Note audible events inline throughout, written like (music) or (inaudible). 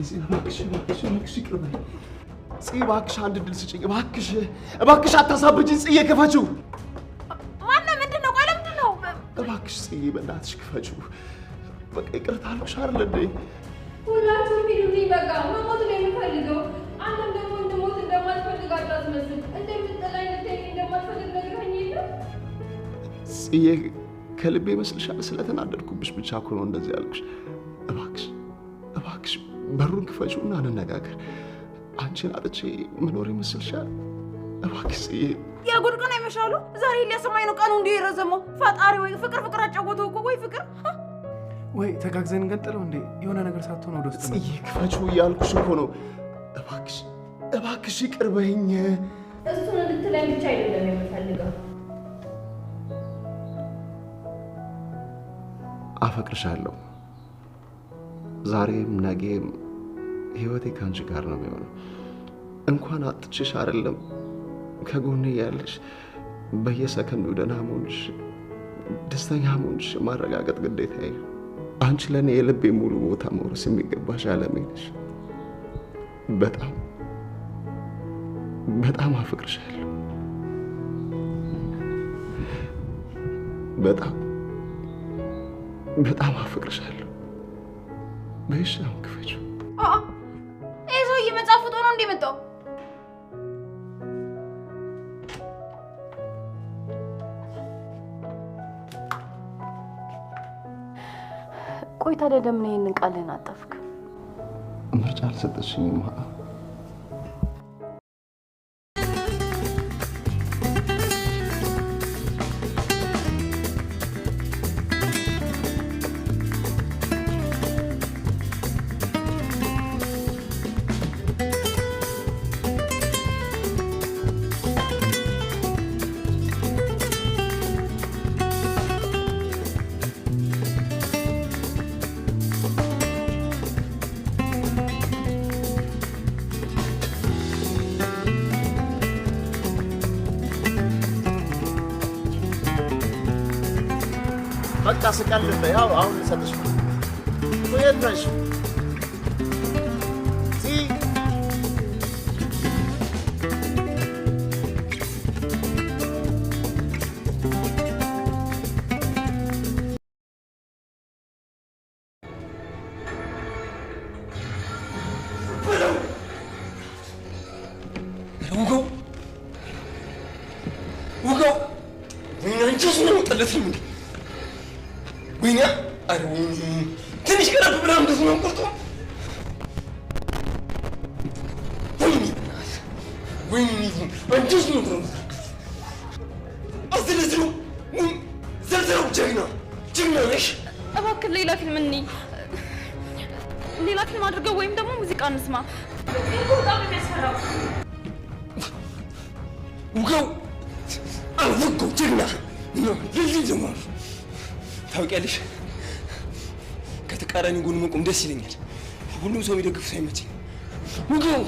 እባክሽ አንድ ድል ስጭኝ። እባክሽ እባክሽ፣ አታሳብጅኝ ጽዬ፣ ክፈችው። ማነው? ምንድን ነው? ቆይ ለምንድን ነው? እባክሽ ጽዬ፣ በእናትሽ ክፈችው። በቃ ይቅርታ አልኩሽ አይደል እንዴ? ሁላችሁም ቢሉኝ በቃ መሞት ነው የምፈልገው። አንተም ደግሞ እንድሞት እንደማትፈልግ አታስመስል። እንደምትጠላኝ ልትሄድ እንደማትፈልግ ነግራኝ የለም ጽዬ። ከልቤ ይመስልሻል? ስለተናደድኩብሽ ብቻ እኮ ነው እንደዚህ ያልኩሽ። በሩን ክፈችውና እንነጋገር። አንቺን አጥቼ መኖር ይመስልሻል? እባክስ የጉድቅን አይመሻሉ። ዛሬ ሊያሰማኝ ነው ቀኑ እንዲህ የረዘመው። ፈጣሪ ወይ ፍቅር ፍቅር አጫወተው እኮ ወይ ፍቅር ወይ ተጋግዘን እንቀጥለው እንዴ? የሆነ ነገር ሳትሆን ወደ ውስጥ ጽዬ ክፈችው እያልኩሽ እኮ ነው። እባክሽ እባክሽ ይቅር በይኝ። እሱን እንድትለኝ ብቻ አይደለም የምፈልገው። አፈቅርሻለሁ ዛሬም ነገም ህይወቴ ከአንቺ ጋር ነው የሚሆነው። እንኳን አጥችሽ አይደለም ከጎኔ ያለሽ በየሰከንዱ ደህና መሆንሽ፣ ደስተኛ መሆንሽ ማረጋገጥ ግዴታ። አንቺ ለእኔ የልቤ ሙሉ ቦታ መውረስ የሚገባሽ አለሜ ነሽ። በጣም በጣም አፍቅርሻለሁ። በጣም በጣም አፍቅርሻለሁ። በይሽ አሁን ክፈችው። ይህ ሰውዬ መጽሐፍ ፍቶ ነው እንደ መጣው ቆይ ታዲያ ለምን ቃልህን አጠፍክ? ምርጫ አልሰጠችኝም። በቃ ስቀልድ ያው አሁን ልሰጥሽ የት ውጋው ውጋው እኛ እንጂ እሱ ነው የመጣለትም እንዴ ወይኔ አረ ትንሽ ቀረብ ብላ እንደዚህ ነው ቁርጡ። ወይኔ ወይኔ እንደዚህ ነው ቁርጡ። አዝለዝሉ ዘርዘሩ። ጀግና ጀግና ነሽ። እባክህ ሌላ ፊልም እኔ ሌላ ፊልም አድርገው ወይም ደግሞ ሙዚቃ እንስማ። ውጋው አልወጋው ጀግና ልጅ ጀማሩ ታውቂያለሽ፣ ከተቃራኒ ጎን መቆም ደስ ይለኛል። ሁሉም ሰው የሚደግፍ ሰው አይመችኝ። ውገው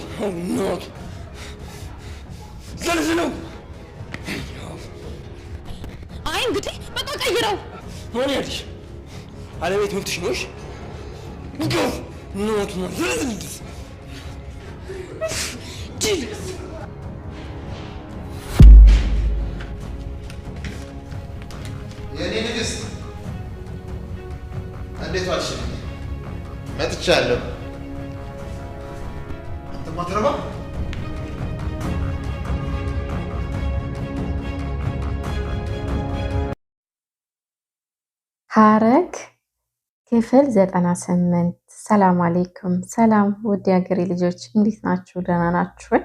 ናቱ ዘልዝ ነው። አይ እንግዲህ በቃ ቀይረው። ምን ያልሽ አለቤት መብትሽ ነሽ። ውገው ናቱ ዘልዝ ልድስ ጅል የኔ ንግስት እንዴት ዋልሽ? መጥቻለሁ። አንተ ማትረባ ሐረግ ክፍል ዘጠና ስምንት ሰላም አሌይኩም። ሰላም ውድ የሀገሬ ልጆች እንዴት ናችሁ? ደህና ናችሁን?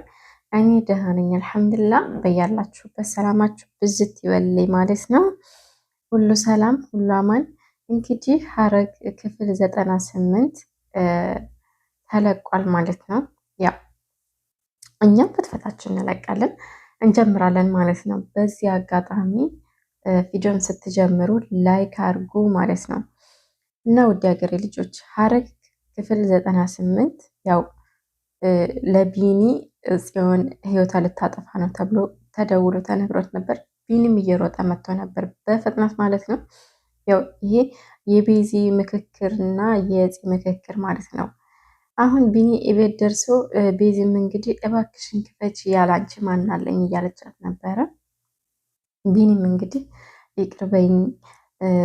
እኔ ደህና ነኝ አልሐምዱላ። በያላችሁበት ሰላማችሁ ብዝት ይበልልኝ ማለት ነው። ሁሉ ሰላም፣ ሁሉ አማን እንግዲህ ሐረግ ክፍል ዘጠና ስምንት ተለቋል ማለት ነው። ያው እኛም ፍትፈታችን እንለቃለን እንጀምራለን ማለት ነው። በዚህ አጋጣሚ ቪዲዮን ስትጀምሩ ላይክ አድርጉ ማለት ነው እና ውድ ሀገሬ ልጆች ሐረግ ክፍል ዘጠና ስምንት ያው ለቢኒ ጽዮን ህይወቷ ልታጠፋ ነው ተብሎ ተደውሎ ተነግሮት ነበር። ቢኒም እየሮጠ መጥቶ ነበር በፍጥነት ማለት ነው። ያው ይሄ የቤዚ ምክክርና የጽ ምክክር ማለት ነው። አሁን ቢኒ እቤት ደርሶ ቤዚም እንግዲህ እባክሽን ክፈች ያላንቺ ማናለኝ እያለቻት ነበረ። ቢኒም እንግዲህ ይቅርበኝ፣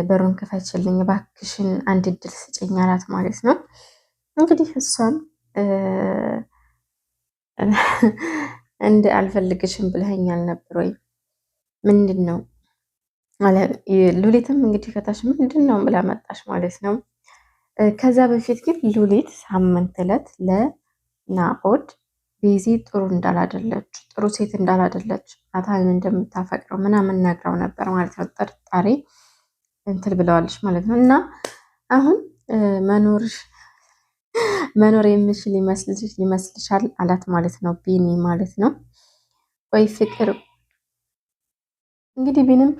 በሩን ክፈችልኝ፣ እባክሽን አንድ እድል ስጭኝ አላት ማለት ነው። እንግዲህ እሷም እንደ አልፈልግሽም ብለኸኛል ነበር ወይ ምንድን ነው ሉሊትም እንግዲህ ከታች ምንድን ነው ብላ መጣች ማለት ነው። ከዛ በፊት ግን ሉሊት ሳምንት ዕለት ለናኦድ ቤዚ ጥሩ እንዳላደለች ጥሩ ሴት እንዳላደለች ናታን እንደምታፈቅረው ምናምን ነግረው ነበር ማለት ነው። ጥርጣሬ እንትል ብለዋለች ማለት ነው። እና አሁን መኖር (laughs) መኖር የምችል ይመስልሻል አላት ማለት ነው። ቢኒ ማለት ነው ወይ ፍቅር እንግዲህ ቢንም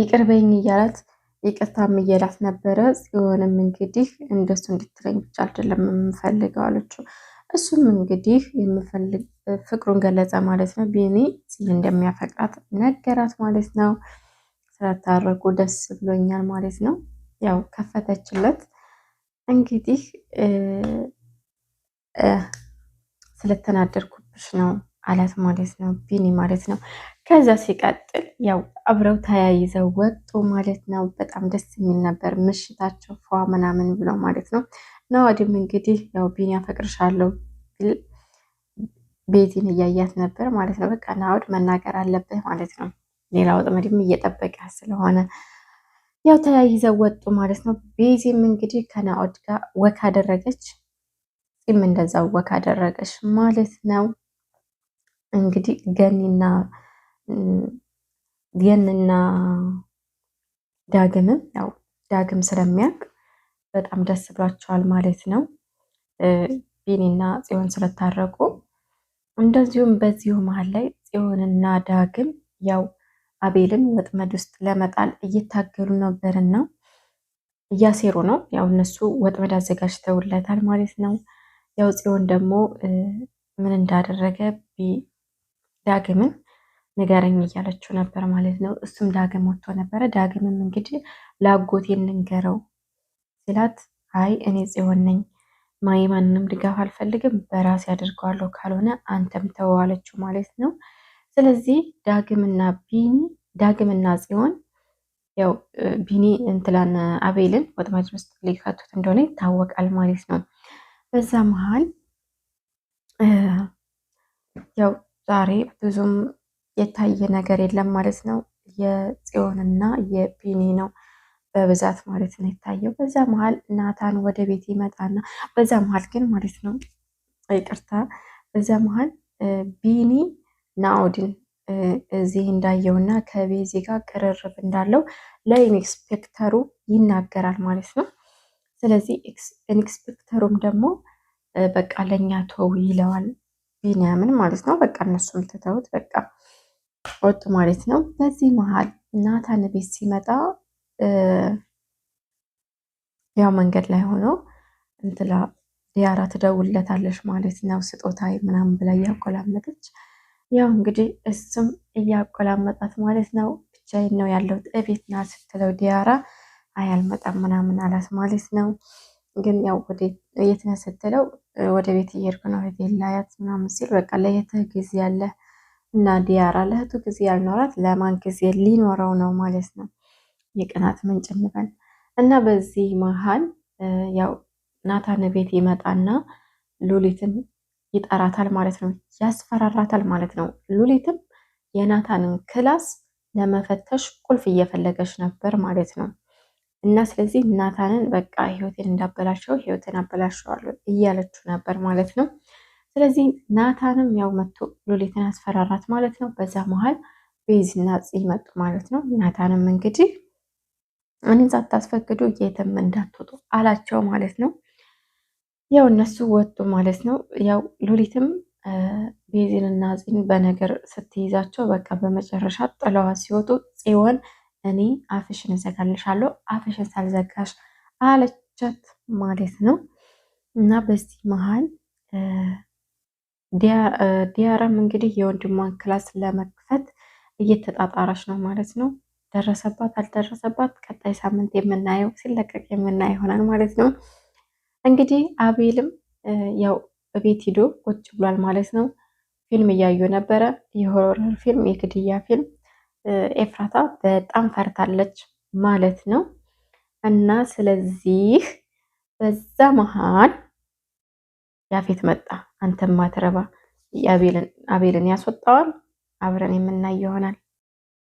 ይቅርበኝ እያላት ይቅርታም እየላት ነበረ። ጽዮንም እንግዲህ እንደሱ እንድትለኝ ብቻ አይደለም የምፈልገው አለችው። እሱም እንግዲህ የምፈልግ ፍቅሩን ገለጸ ማለት ነው። ቢኒ ጽዮን እንደሚያፈቅራት ነገራት ማለት ነው። ስለታረቁ ደስ ብሎኛል ማለት ነው። ያው ከፈተችለት እንግዲህ ስለተናደርኩብሽ ነው አላት ማለት ነው። ቢኒ ማለት ነው ከዛ ሲቀጥል ያው አብረው ተያይዘው ወጡ ማለት ነው። በጣም ደስ የሚል ነበር ምሽታቸው ፏ ምናምን ብለው ማለት ነው። ናዋድም እንግዲህ ያው ቢኒ አፈቅርሻለሁ ቢል ቤቲን እያያት ነበር ማለት ነው። በቃ ናውድ መናገር አለብህ ማለት ነው። ሌላ ወጥመድም እየጠበቀ ስለሆነ ያው ተያይዘው ወጡ ማለት ነው። ቤዚም እንግዲህ ከናኦድ ጋር ወክ አደረገች፣ ፂም እንደዛው ወክ አደረገች ማለት ነው። እንግዲህ ገኒና የንና ዳግምም ያው ዳግም ስለሚያውቅ በጣም ደስ ብሏቸዋል ማለት ነው። ቢኒና ጽዮን ስለታረቁ እንደዚሁም በዚሁ መሀል ላይ ጽዮንና ዳግም ያው አቤልን ወጥመድ ውስጥ ለመጣል እየታገሉ ነበርና እያሴሩ ነው። ያው እነሱ ወጥመድ አዘጋጅተውለታል ማለት ነው። ያው ጽዮን ደግሞ ምን እንዳደረገ ዳግምን ንገረኝ እያለችው ነበር ማለት ነው። እሱም ዳግም ወጥቶ ነበረ። ዳግምም እንግዲህ ላጎቴ እንንገረው ሲላት፣ አይ እኔ ጽዮን ነኝ ማይ ማንንም ድጋፍ አልፈልግም በራሴ አድርገዋለሁ፣ ካልሆነ አንተም ተዋለችው ማለት ነው። ስለዚህ ዳግምና ቢኒ ዳግምና ጽዮን ያው ቢኒ እንትላን አቤልን ወጥመድ ውስጥ ሊከቱት እንደሆነ ይታወቃል ማለት ነው። በዛ መሀል ያው ዛሬ ብዙም የታየ ነገር የለም ማለት ነው። የጽዮንና የቢኒ ነው በብዛት ማለት ነው የታየው። በዛ መሀል ናታን ወደ ቤት ይመጣና በዛ መሀል ግን ማለት ነው ይቅርታ፣ በዛ መሀል ቢኒ ናኦድን እዚህ እንዳየው እንዳየውና ከቤዚ ጋር ቅርርብ እንዳለው ለኢንስፔክተሩ ይናገራል ማለት ነው። ስለዚህ ኢንስፔክተሩም ደግሞ በቃ ለእኛ ተው ይለዋል ቢንያምን ማለት ነው። በቃ እነሱም ትተውት በቃ ወጡ ማለት ነው። በዚህ መሀል ናታን ቤት ሲመጣ ያው መንገድ ላይ ሆኖ እንትላ ዲያራ ትደውልለታለች ማለት ነው። ስጦታ ምናምን ብላ እያቆላመጠች ያው እንግዲህ እሱም እያቆላመጣት ማለት ነው። ብቻዬን ነው ያለሁት እቤት ና ስትለው ዲያራ አይ አልመጣም ምናምን አላት ማለት ነው። ግን ያው የት ነው ስትለው ወደ ቤት እየሄድኩ ነው ሄቴ ላያት ምናምን ሲል በቃ ለየትህ ጊዜ ያለ እና ዲያራ ለእህቱ ጊዜ ያልኖራት ለማን ጊዜ ሊኖረው ነው ማለት ነው። የቅናት ምንጭ እንበል እና በዚህ መሀል ያው ናታን ቤት ይመጣና ሉሊትን ይጠራታል ማለት ነው። ያስፈራራታል ማለት ነው። ሉሊትም የናታንን ክላስ ለመፈተሽ ቁልፍ እየፈለገች ነበር ማለት ነው። እና ስለዚህ ናታንን በቃ ህይወቴን እንዳበላሸው ህይወቴን አበላሸዋለሁ እያለችው ነበር ማለት ነው። ስለዚህ ናታንም ያው መጥቶ ሉሊትን አስፈራራት ማለት ነው። በዛ መሀል ቤዝና ጽ መጡ ማለት ነው። ናታንም እንግዲህ እኔን ሳታስፈቅዱ የትም እንዳትወጡ አላቸው ማለት ነው። ያው እነሱ ወጡ ማለት ነው። ያው ሉሊትም እና ጽን በነገር ስትይዛቸው በቃ በመጨረሻ ጥለዋ ሲወጡ ጽዮን እኔ አፍሽን እዘጋልሻለሁ አፍሽን ሳልዘጋሽ አለቻት ማለት ነው እና በዚህ መሀል ዲያራም እንግዲህ የወንድሟን ክላስ ለመክፈት እየተጣጣረች ነው ማለት ነው። ደረሰባት አልደረሰባት፣ ቀጣይ ሳምንት የምናየው ሲለቀቅ የምናየው ይሆናል ማለት ነው። እንግዲህ አቤልም ያው ቤት ሂዶ ቁጭ ብሏል ማለት ነው። ፊልም እያዩ ነበረ፣ የሆረር ፊልም፣ የግድያ ፊልም። ኤፍራታ በጣም ፈርታለች ማለት ነው። እና ስለዚህ በዛ መሀል ያፌት መጣ። አንተም ማትረባ አቤልን ያስወጣዋል። አብረን የምናይ ይሆናል።